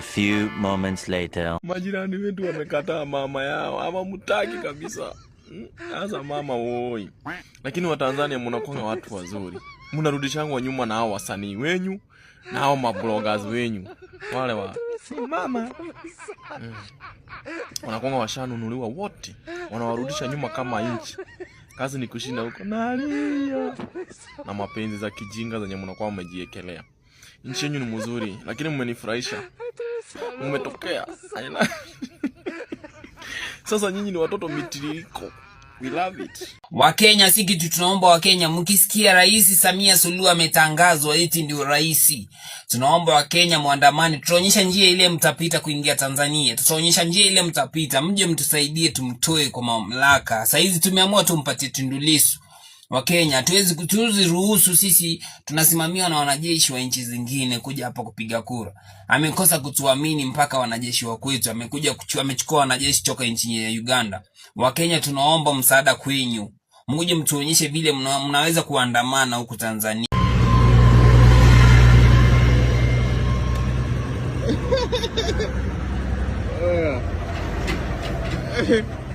few moments later. Majirani wetu wamekataa mama yao, ama mtaki kabisa. Hmm? Sasa mama woi. Lakini Watanzania mnakuwa watu wazuri. wa nyuma na hao wasanii wenyu na hao mabloggers wenyu. Wale wa si mama. Mm. Wanakuwa washanunuliwa wote. Wanawarudisha nyuma kama inchi. Kazi ni kushinda huko nalio na mapenzi za kijinga zenye mnakuwa mmejiekelea. Nchi yenyu ni mzuri, lakini mmenifurahisha mmetokea aina. Sasa nyinyi ni watoto mitiririko. We love it. Wakenya si kitu tunaomba Wakenya, mkisikia Rais Samia Suluhu ametangazwa eti ndio rais, tunaomba Wakenya mwandamani, tutaonyesha njia ile mtapita kuingia Tanzania, tutaonyesha njia ile mtapita, mje mtusaidie tumtoe kwa mamlaka. hizi tumeamua tumpatie Tundu Lissu Wakenya kutuzi ruhusu sisi tunasimamiwa na wanajeshi wa nchi zingine kuja hapa kupiga kura. Amekosa kutuamini mpaka wanajeshi wa kwetu, amekuja amechukua wanajeshi toka nchi ya Uganda. Wakenya tunaomba msaada kwenyu, muje mtuonyeshe vile mna, mnaweza kuandamana huku Tanzania. Eh.